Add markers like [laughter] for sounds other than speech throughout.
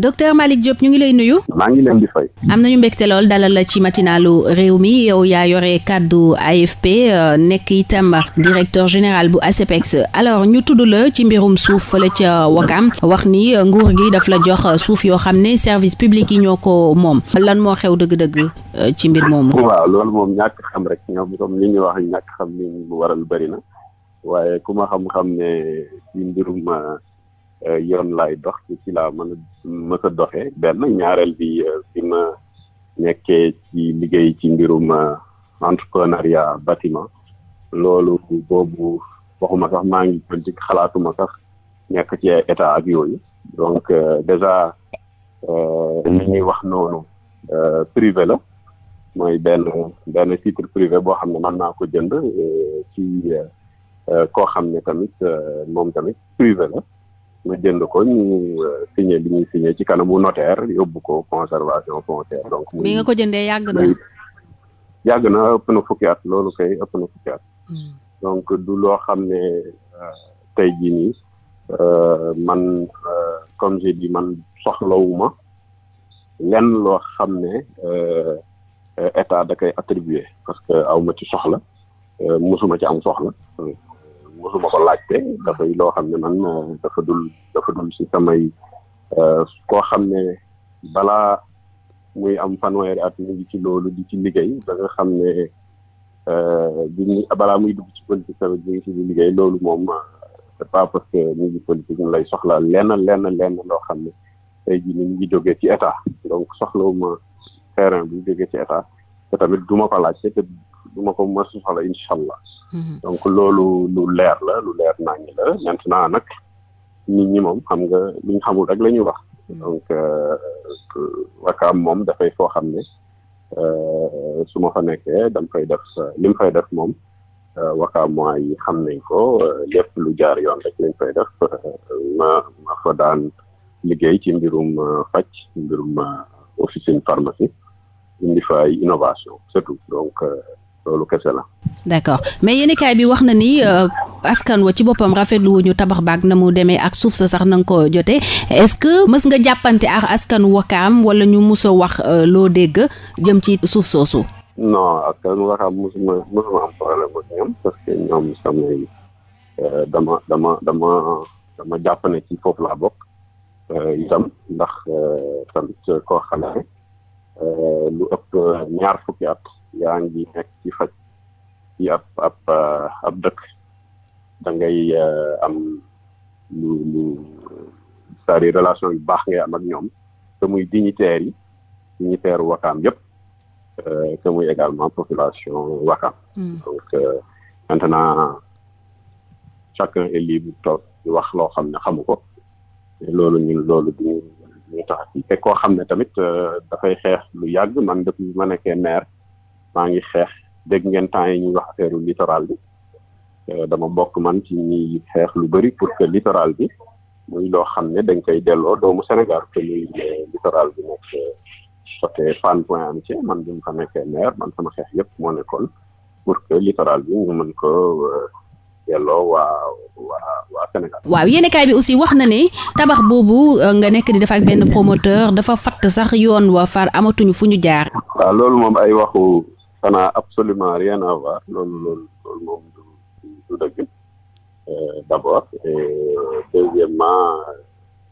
docteur Malick Diop ñu ngi lay nuyu. maa ngi leen di fay. am nañu mbégte lool dalal la ci matinalu réew mi yow yaa yore kàddu AFP euh, nekk itam directeur général bu ASEPEX alors ñu tudd la ci mbirum suuf fële ca Wakam wax ni euh, nguur gi daf la jox euh, suuf yoo xam ne service public yi ñoo ko moom lan moo xew dëgg-dëgg ci mbir moomu. waaw loolu moom ñàkk xam rek ñoom ñu wax ñàkk xam ni mu waral bëri waaye ku xam-xam ne ci mbirum. Euh, yoon lay dox ci laa mën a doxee benn ñaareel bi bi euh, ma nekkee ci liggéey ci mbirum euh, entrepreneuriat bâtiment loolu boobu waxuma sax maa ngi politique xalaatuma sax nekk ci ay état ak yooyu donc déjà li ñuy wax noonu privé la mooy benn benn titre privé boo xam ne man naa ko jënd ci koo xam ne tamit moom tamit privé la nga jënd ko ñu euh, signé bi ñuy signé ci kanamu notaire yóbbu ko conservation foncière donc. bi nga ko jëndee yàgg na yàgg na ëpp na fukki at loolu kay ëpp na fukki at. Hmm. donc du loo xam ne euh, tey jii nii euh, man comme j'ai dit man soxlawuma lenn loo xam ne état da koy attribué parce que awma ci soxla mosuma ci am soxla. mosuma ko laajte dafay loo xam ne man euh, dafa dul dafa dul si samay euh, koo xam ne balaa muy am fanweeri at mu ngi ci loolu di ci liggéey ba xam ne euh, bi ñu balaa muy dugg ci politique tamit ñu ngi ci liggéey loolu moom c'est pas parce que ñu ngi politique ñu lay soxla lenn lenn lenn loo xam ne tey jii ni ñu ngi jógee ci état donc soxlawuma terrain bu ñu jógee ci état te tamit duma ko laajte te du ma ko mos soxla incha allah. Mhm. donc loolu lu leer la lu leer naa ñi la maintenant nag nit ñi moom xam nga li xamul rek la ñuy wax. Mhm. donc euh, wakaam moom dafay foo xam ne euh, su ma fa nekkee dam fay def li mu fay def moom euh, wakaam mois yi xam nañ ko lépp lu jaar yoon rek lañ fay def [laughs] ma ma fa daan liggéey ci mbirum faj mbirum officine pharmacie indi fa ay innovation surtout donc. loolu kese la. d'accord mais yéenekaay bi wax na ni euh, askan wa ci boppam rafetlu wu ñu tabax baag na mu demee ak suuf sa sax na nga ko jotee est-ce que mës nga jàppante ak askan wakaam wala ñu mus a wax euh, loo dégg jëm ci suuf soosu. non askan wakaam mosuma mosuma am problème ak ñaar fukki at. yaa ngi nekk ci faj ci ab ab uh, ab dëkk da ngay uh, am lu lu cest relation yu baax ngay am ak ñoom te muy yi dignitaire wakaam yëpp uh, te également population wakaam hmm. donc maintenant chacun est libre toog wax loo xam ne xamu ko loolu ñun loolu duñu ñu tax ci te koo xam ne tamit dafay xeex lu yàgg man depuis ma nekkee maa ngi xeex dégg ngeen temps yi ñuy wax affaire littoral bi euh, dama bokk man ci ñuy xeex lu bari pour que littoral bi muy doo xam ne dañ koy delloo doomu Sénégal te muy euh, littoral bi nekk euh, côté Fann Point Amitié man bi mu fa nekkee maire man yëpp moo nekkoon pour que littoral bi ñu mën ko delloo waa waa waa Sénégal. waaw yéenekaay bi aussi wax na ne tabax boobu nga nekk di def ak benn promoteur dafa fatt sax yoon wa far amatuñu fu ñu jaar. waaw loolu moom ay waxu ça n'a absolument rien à voir loolu loolu loolu moom du du dëgg euh, d' abord et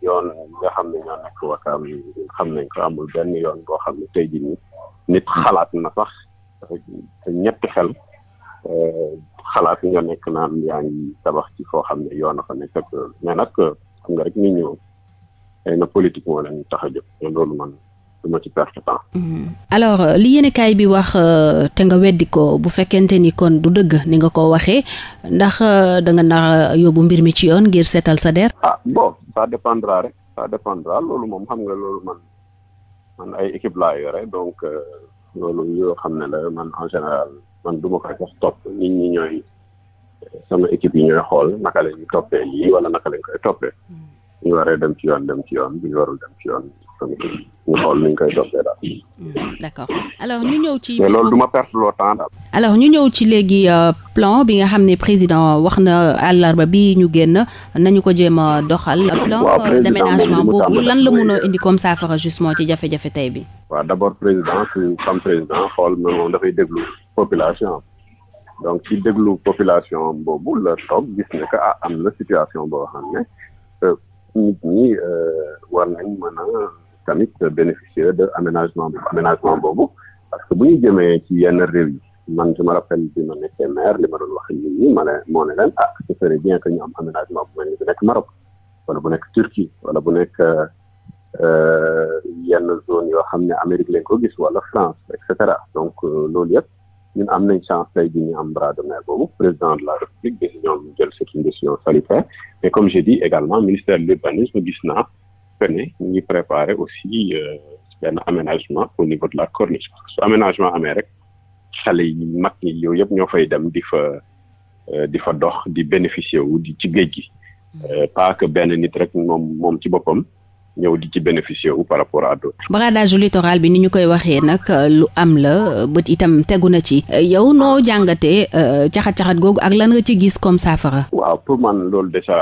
yoon nga xam ne ñoo nekk wakaam xam nañ ko amul benn yoon boo xam ne tey jii nit xalaat na sax ñetti xel euh, xalaat nga nekk naan yaa ngi tabax ci foo xam ne a fa nekk ak mais xam nga rek nit ñi moom xëy na politique moo leen tax a jóg loolu man du ci perte temps. Mhm. alors euh, li yéenekaay bi wax euh, te nga weddi ko bu fekkente ni kon du dëgg ni nga ko waxee ndax euh, da nga nar yóbbu mbir mi ci yoon ngir seetal sa der. ah bon ça dépendra rek ça dépendra loolu moom xam nga loolu man man ay équipe laa yore donc loolu yoo xam ne la man en général man du ma koy sax topp nit ñi ñooy sama équipe yi ñooy xool naka la ñuy toppee lii wala naka lañ koy toppee. Mhm. ñu waree dem ci yoon dem ci yoon bu ñu warul dem ci yoon tamit ñu xool nuñ koy doxee daal. Hmm, d'accord alors ñu ñëw ci. mais loolu du ma loo temps daal. alors ñëw ci léegi euh, plan bi nga xam ne président wax na àllarba bi ñu génn nañu ko jéem a doxal. plan d'aménagement euh, boobu lan la mun a indi comme saafara justement ci jafe-jafe tey bi. waa d'abord président suñu comme président xool na moom dafay déglu population donc ci déglu population boobu la toog gis ne ah, am na situation boo xam ne euh, nit ñi war nañ mën a. tamit bénéficier de aménagement aménagement boobu parce que bu ñu jëmee ci yenn réew yi man je me rappelle bi ma nekkee li ma doon wax nit ñi ma ne moo ne leen ah ce serait bien que ñu am aménagement bu mel ni bu nekk Maroc wala bu nekk Turquie wala bu nekk euh, yenn zone yoo xam ne Amérique lañ ko gis wala France et cetera donc euh, loolu yëpp ñun am nañ chance tey bi ñu am bras de mer boobu président de la République dañu ñoom jël c'est décision salutaire mais comme j'ai dit également ministère de gis naa que ne ñu ngi préparer aussi euh, benn aménagement au niveau de la corniche parce aménagement amee rek xale yi mag ñi yow yëpp ñoo fay dem di fa euh, di fa dox di bénéficier wu di ci géej gi mm. euh, pas que benn nit rek moom moom ci boppam ñëw di ci bénéficier wu par rapport à d'autres. bradage littoral bi ni ñu koy waxee nag lu am la bët itam tegu na ci. yow noo jàngatee caxat caxat googu ak lan nga ci gis comme saafara. waaw pour man loolu déjà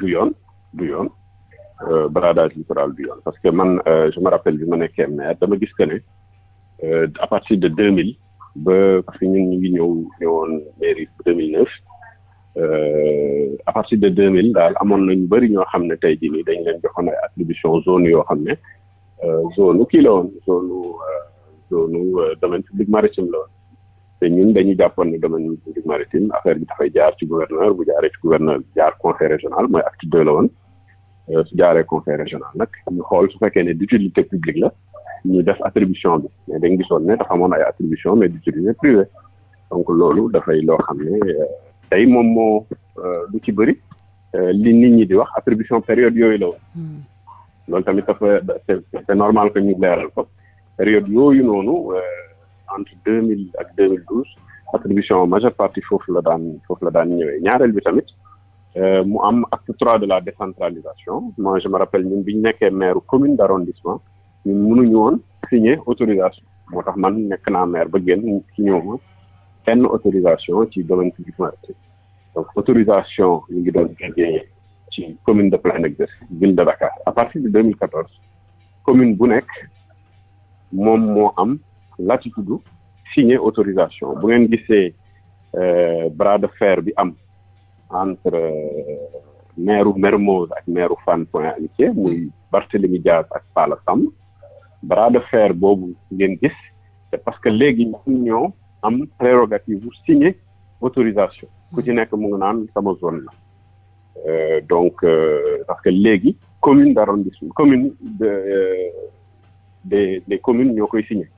du yoon du yoon. Euh, bradage littoral bi yoon parce que man euh, je me rappelle bi ma nekkee maire dama gis que ne euh, à partir de deux mille ba parce que ñun ñu ngi ñëw ñëwoon mairie deux mille neuf à de deux mille daal amoon nañu bari ñoo xam ne tey jii nii dañ leen joxoon ay attribution zone yoo xam ne zone kii la woon zone zone domaine public maritime la woon te ñun dañuy jàppoon ne domaine public maritime affaire jaar ci gouverneur bu jaaree ci gouverneur jaar conseil régional Euh, su jaaree conseil régional nag ñu xool su fekkee ne d'utilité publique la ñu def attribution bi mais dañ gisoon ne dafa amoon ay attribution mais d'utilité privée donc loolu dafay loo xam ne euh, tey moom moo euh, lu ci bëri li nit ñi di wax attribution période yooyu la woon hmm. loolu tamit dafa c'est normal que ñu leeral ko période yooyu noonu entre deux mille ak deux mille douze attribution majeure partie foofu la daan foofu la daan ñëwee ñaareel bi tamit Euh, mu am acte trois de la décentralisation moi je me rappelle ñun bi ñu nekkee maire commune d'arrondissement ñun mënuñu woon signer autorisation moo tax man nekk naa maire ba génn ci ñëwma kenn autorisation ci domaine public maritime donc autorisation ñu ngi doon génnee ci commune de plein exercice ville de Dakar à partir de 2014 commune bu nekk moom moo am latitude signer autorisation bu ngeen gisee euh, bras de fer bi am entre maire Mermoz ak maire Fann Point Amitié muy Barthélémy Dias ak Pala Samb bras fer boobu ngeen gis parce que léegi ñun ñoo am prérogative bu signer autorisation ku ci nekk mu ngi naan sama zone la euh, donc euh, parce que léegi commune d'arrondissement commune de euh, des des communes ñoo koy signer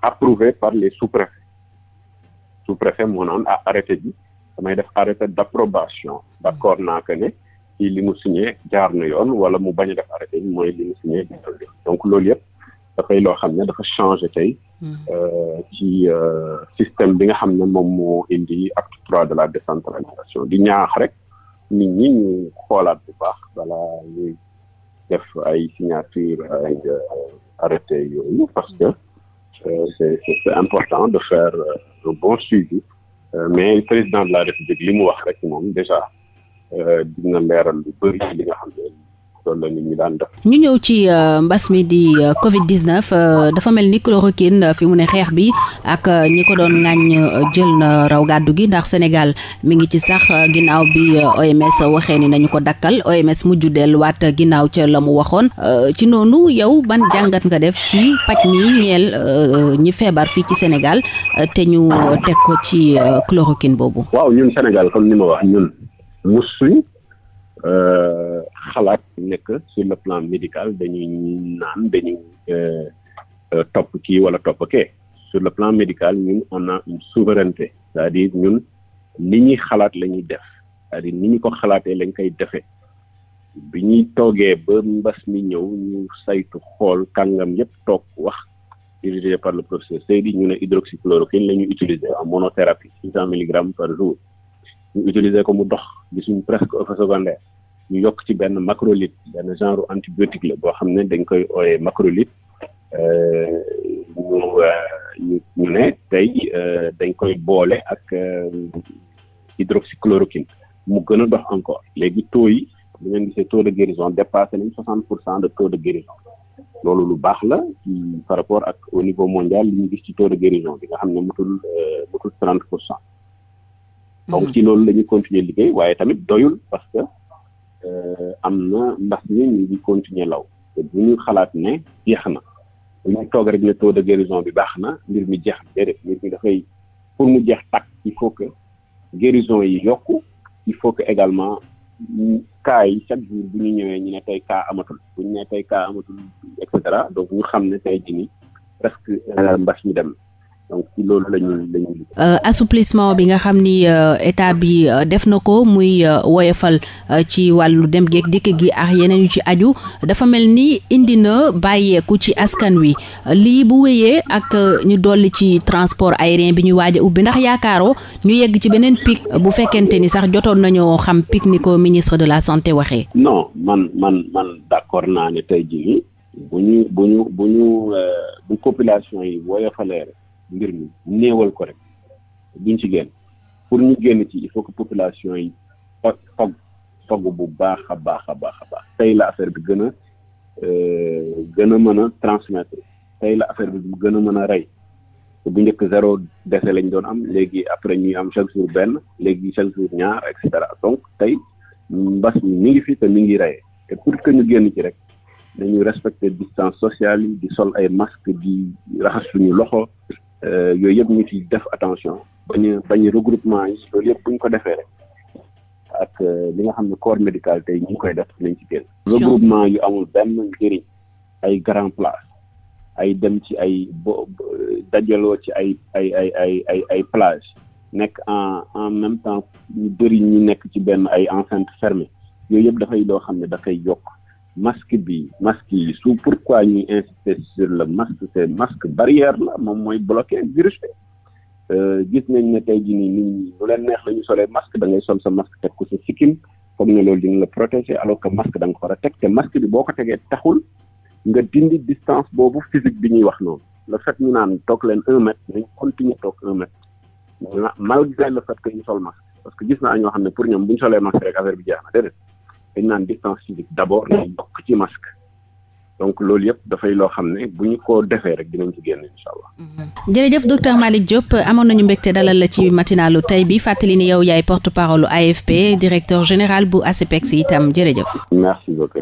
approuvé par les sous-préfets sous-préfet moo naan ah arrêté bi damay def arrêté d' approbation accord naa que ne ci li mu signé jaar na yoon wala mu bañ a def arrêté mooy li mu signé donc loolu yëpp dafay loo xam ne dafa changé tey hmm. euh, ci euh, système bi nga xam ne moom moo indi acte trois de la décentralisation di ñaax rek nit ñi ñu xoolaat bu baax bala ñuy def ay signature ay euh, arrêté yooyu parce que c'est important de faire un bon suivi Euh, mais président de la république li mu wax rek moom déjà euh, dina leeral lu bëri li nga xam ne loolu la nit ñi daan def. ñu ñëw ci euh, mbas mi di euh, Covid 19 euh, dafa mel ni chloroquine fi mu ne xeex bi ak ñi ko doon ŋàññ jël na raw gàddu gi ndax Sénégal mi ngi ci sax ginnaaw bi OMS waxee ni nañu ko dakkal OMS mujj delluwaat ginnaaw ca la mu waxoon ci noonu yow ban jàngat nga def ci paj mi ñeel ñi feebar fii ci Sénégal te ñu teg ko ci chloroquine boobu. waaw ñun Sénégal comme ni wax ñun musuñ Euh, xalaat nekk sur le plan médical dañuy naan dañuy euh, euh, topp kii wala topp kee sur le plan médical ñun on a une souveraineté cest dire ñun ni ñuy xalaat la ñuy def cest dire ni ñu ko xalaatee lañ koy defee bi ñuy toogee ba mbas mi ñëw ñu saytu xool kàngam yépp toog wax dirigé par le professeur Seydi ñu ne hydroxychloroquine la ñu utiliser en monothérapie 600 milligrammes par jour ñu utiliser ko mu dox gisuñ presque effet secondaire ñu yokk ci benn macrolide benn genre antibiotique la boo xam ne dañ koy ooyee macrolide ñu euh, euh, ñu ñu ne tey euh, dañ koy boole ak hydroxychloroquine mu gën a dox encore léegi taux yi li ngeen gisee taux de guérison dépassé nañ 60 pour cent de taux de guérison loolu lu baax la par rapport ak au niveau mondial li ñu gis ci taux de guérison bi nga xam ne mutul mutul 30 pour cent. donc mhm. ci loolu la ñuy continuer liggéey waaye tamit doyul parce que euh, am na mbas mi ñu ngi continuer law te bu ñu xalaat ne jeex na bu ñu toog rek ne taux de guérison bi baax na mbir mi jeex na déedéet mbir mi dafay pour mu jeex tàkk il faut que guérison yi yokku il faut que également cas yi chaque jour bu ñu ñëwee ñu ne tey cas amatul bu ñu ne tey cas amatul et cetera donc ñu xam ne tey jii nii presque euh, mbas mi dem donc loolu la ñuy euh, bi nga xam ni euh, état bi euh, def na ko muy woyofal ci wàllu dem geeg dikk gi ak yeneen yu ci aju dafa mel ni indi na bàyyeeku ci askan wi lii bu wéyee ak ñu dolli ci transport aérien bi ñuy waaj ubbi ndax yaakaaroo ñu yegg ci beneen pic bu fekkente ni sax jotoon nañoo xam pic ni ko ministre de la santé waxee. non man man man d'accord naa ne tey jii bu ñu bu ñu bu ñu bu population yi woyofalee rek mbir mi néewal ko rek duñ ci génn pour ñu génn ci il faut que population yi fag fag fagu bu baax a baax a baax a baax tey la affaire bi gën a euh, gën a mën a transmettre tey la affaire bi gën a mën a rey bu njëkk zéro décès lañ doon am léegi après ñuy am chaque jour benn léegi chaque jour ñaar et cetera donc tey mbas mi mi ngi fii te mi ngi reyee te pour que ñu génn ci rek dañuy respecter distance sociale yi di sol ay masque di raxas suñu loxo Euh, yooyu yëpp ñu ci def attention bañu bañu regroupement yi loolu yëpp bu ko defee rek ak euh, li nga xam ne corps médical tey ñu ngi koy def nañ ci génn. regroupement yu amul benn njëriñ ay grand place ay dem ci ay bo dajaloo ci ay ay ay ay ay ay plage nekk en en même temps ñu bëri ñu nekk ci benn ay enceinte fermée yooyu yëpp dafay doo xam ne dafay yokk. masque bi masque yi su pourquoi ñuy insister sur le masque c'est masque barrière la moom mooy bloquer virus bi euh, gis nañ ne tey jii nit ñi lu leen neex lañu solee masque da ngay sol sa masque teg ko sa sikkim comme ne loolu dina la protéger alors que masque da nga war a teg te masque bi boo ko tegee taxul nga dindi distance boobu physique bi ñuy wax noonu le fait ñu naan toog leen un mètre nañ continuer toog un mètre malgré le fait que ñu sol masque parce que gis naa ñoo xam ne pour ñoom bu dañ naan distance physique d'abord na bokk ci masque donc loolu yëpp dafay loo xam ne bu ñu ko defee rek dinañ ci génn incha allah. jërëjëf docteur Malick Diop amoon nañu mbégte dalal la ci matinalu tey bi fàttali ni yow yaay porte parole AFP directeur général bu ASEPEX itam jërëjëf.